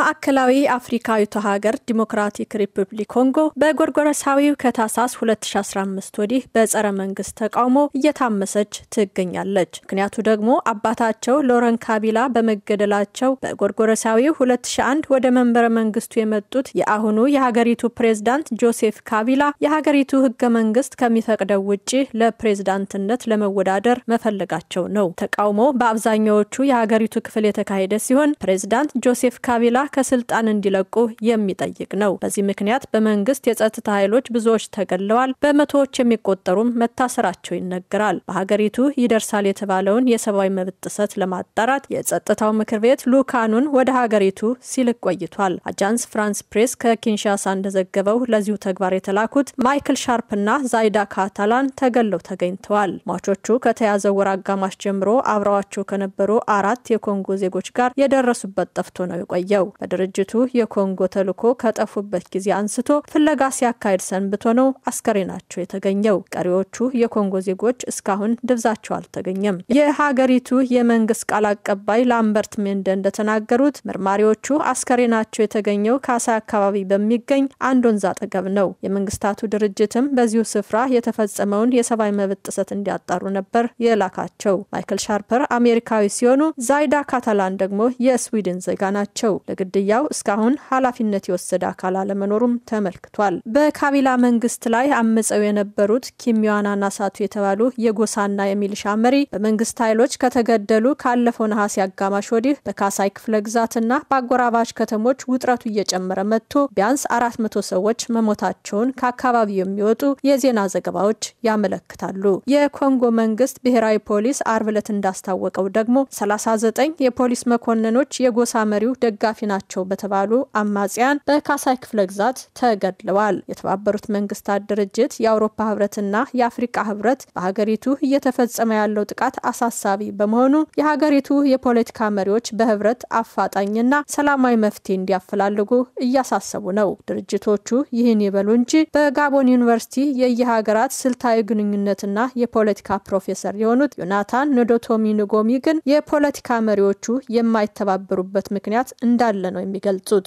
ማዕከላዊ አፍሪካዊቱ ሀገር ዲሞክራቲክ ሪፐብሊክ ኮንጎ በጎርጎረሳዊው ከታሳስ 2015 ወዲህ በጸረ መንግስት ተቃውሞ እየታመሰች ትገኛለች። ምክንያቱ ደግሞ አባታቸው ሎረን ካቢላ በመገደላቸው በጎርጎረሳዊው 2001 ወደ መንበረ መንግስቱ የመጡት የአሁኑ የሀገሪቱ ፕሬዝዳንት ጆሴፍ ካቢላ የሀገሪቱ ህገ መንግስት ከሚፈቅደው ውጭ ለፕሬዝዳንትነት ለመወዳደር መፈለጋቸው ነው። ተቃውሞ በአብዛኛዎቹ የሀገሪቱ ክፍል የተካሄደ ሲሆን ፕሬዝዳንት ጆሴፍ ካቢላ ከስልጣን እንዲለቁ የሚጠይቅ ነው። በዚህ ምክንያት በመንግስት የጸጥታ ኃይሎች ብዙዎች ተገለዋል፣ በመቶዎች የሚቆጠሩም መታሰራቸው ይነገራል። በሀገሪቱ ይደርሳል የተባለውን የሰብአዊ መብት ጥሰት ለማጣራት የጸጥታው ምክር ቤት ልኡካኑን ወደ ሀገሪቱ ሲልክ ቆይቷል። አጃንስ ፍራንስ ፕሬስ ከኪንሻሳ እንደዘገበው ለዚሁ ተግባር የተላኩት ማይክል ሻርፕና ዛይዳ ካታላን ተገለው ተገኝተዋል። ሟቾቹ ከተያዘው ወር አጋማሽ ጀምሮ አብረዋቸው ከነበሩ አራት የኮንጎ ዜጎች ጋር የደረሱበት ጠፍቶ ነው የቆየው። በድርጅቱ የኮንጎ ተልዕኮ ከጠፉበት ጊዜ አንስቶ ፍለጋ ሲያካሄድ ሰንብቶ ነው አስከሬናቸው የተገኘው። ቀሪዎቹ የኮንጎ ዜጎች እስካሁን ድብዛቸው አልተገኘም። የሀገሪቱ የመንግስት ቃል አቀባይ ላምበርት ሜንደ እንደተናገሩት መርማሪዎቹ አስከሬናቸው የተገኘው ካሳ አካባቢ በሚገኝ አንድ ወንዝ አጠገብ ነው። የመንግስታቱ ድርጅትም በዚሁ ስፍራ የተፈጸመውን የሰብአዊ መብት ጥሰት እንዲያጣሩ ነበር የላካቸው። ማይክል ሻርፐር አሜሪካዊ ሲሆኑ ዛይዳ ካታላን ደግሞ የስዊድን ዜጋ ናቸው። ለግድያው እስካሁን ኃላፊነት የወሰደ አካል አለመኖሩም ተመልክቷል። በካቢላ መንግስት ላይ አምፀው የነበሩት ኪሚዋናና ሳቱ የተባሉ የጎሳና የሚልሻ መሪ በመንግስት ኃይሎች ከተገደሉ ካለፈው ነሐሴ አጋማሽ ወዲህ በካሳይ ክፍለ ግዛትና በአጎራባች ከተሞች ውጥረቱ እየጨመረ መጥቶ ቢያንስ አራት መቶ ሰዎች መሞታቸውን ከአካባቢው የሚወጡ የዜና ዘገባዎች ያመለክታሉ። የኮንጎ መንግስት ብሔራዊ ፖሊስ አርብ ዕለት እንዳስታወቀው ደግሞ 39 የፖሊስ መኮንኖች የጎሳ መሪው ደጋፊ ናቸው በተባሉ አማጽያን በካሳይ ክፍለ ግዛት ተገድለዋል። የተባበሩት መንግስታት ድርጅት፣ የአውሮፓ ህብረትና የአፍሪካ ህብረት በሀገሪቱ እየተፈጸመ ያለው ጥቃት አሳሳቢ በመሆኑ የሀገሪቱ የፖለቲካ መሪዎች በህብረት አፋጣኝና ሰላማዊ መፍትሄ እንዲያፈላልጉ እያሳሰቡ ነው። ድርጅቶቹ ይህን ይበሉ እንጂ በጋቦን ዩኒቨርሲቲ የየሀገራት ስልታዊ ግንኙነትና የፖለቲካ ፕሮፌሰር የሆኑት ዮናታን ኖዶቶሚ ንጎሚ ግን የፖለቲካ መሪዎቹ የማይተባበሩበት ምክንያት እንዳለ እንዳለ ነው የሚገልጹት።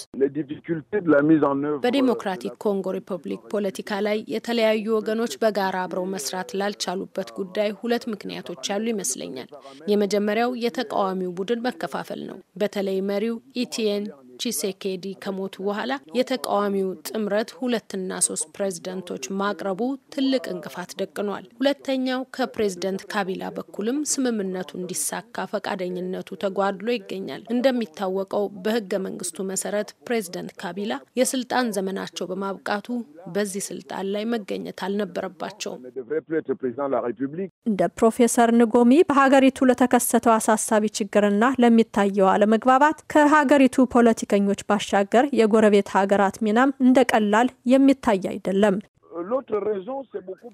በዲሞክራቲክ ኮንጎ ሪፐብሊክ ፖለቲካ ላይ የተለያዩ ወገኖች በጋራ አብረው መስራት ላልቻሉበት ጉዳይ ሁለት ምክንያቶች ያሉ ይመስለኛል። የመጀመሪያው የተቃዋሚው ቡድን መከፋፈል ነው። በተለይ መሪው ኢቲኤን ቺሴኬዲ ከሞቱ በኋላ የተቃዋሚው ጥምረት ሁለትና ሶስት ፕሬዝደንቶች ማቅረቡ ትልቅ እንቅፋት ደቅኗል። ሁለተኛው ከፕሬዝደንት ካቢላ በኩልም ስምምነቱ እንዲሳካ ፈቃደኝነቱ ተጓድሎ ይገኛል። እንደሚታወቀው በህገ መንግስቱ መሰረት ፕሬዝደንት ካቢላ የስልጣን ዘመናቸው በማብቃቱ በዚህ ስልጣን ላይ መገኘት አልነበረባቸውም። እንደ ፕሮፌሰር ንጎሚ በሀገሪቱ ለተከሰተው አሳሳቢ ችግርና ለሚታየው አለመግባባት ከሀገሪቱ ፖለቲ ፖለቲከኞች ባሻገር የጎረቤት ሀገራት ሚናም እንደ ቀላል የሚታይ አይደለም።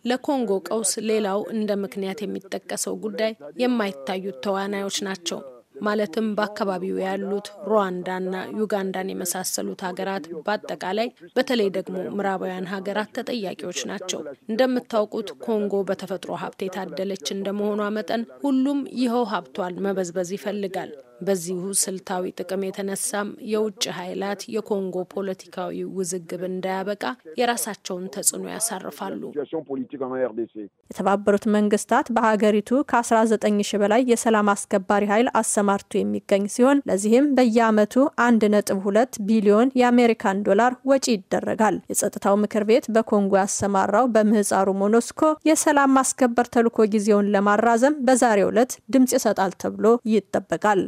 ለኮንጎ ቀውስ ሌላው እንደ ምክንያት የሚጠቀሰው ጉዳይ የማይታዩት ተዋናዮች ናቸው። ማለትም በአካባቢው ያሉት ሩዋንዳና ዩጋንዳን የመሳሰሉት ሀገራት በአጠቃላይ በተለይ ደግሞ ምዕራባውያን ሀገራት ተጠያቂዎች ናቸው። እንደምታውቁት ኮንጎ በተፈጥሮ ሀብት የታደለች እንደመሆኗ መጠን ሁሉም ይኸው ሀብቷን መበዝበዝ ይፈልጋል። በዚሁ ስልታዊ ጥቅም የተነሳም የውጭ ኃይላት የኮንጎ ፖለቲካዊ ውዝግብ እንዳያበቃ የራሳቸውን ተጽዕኖ ያሳርፋሉ። የተባበሩት መንግስታት በሀገሪቱ ከ19 ሺ በላይ የሰላም አስከባሪ ኃይል አሰማርቶ የሚገኝ ሲሆን ለዚህም በየአመቱ 1.2 ቢሊዮን የአሜሪካን ዶላር ወጪ ይደረጋል። የጸጥታው ምክር ቤት በኮንጎ ያሰማራው በምህፃሩ ሞኖስኮ የሰላም ማስከበር ተልዕኮ ጊዜውን ለማራዘም በዛሬው ዕለት ድምፅ ይሰጣል ተብሎ ይጠበቃል።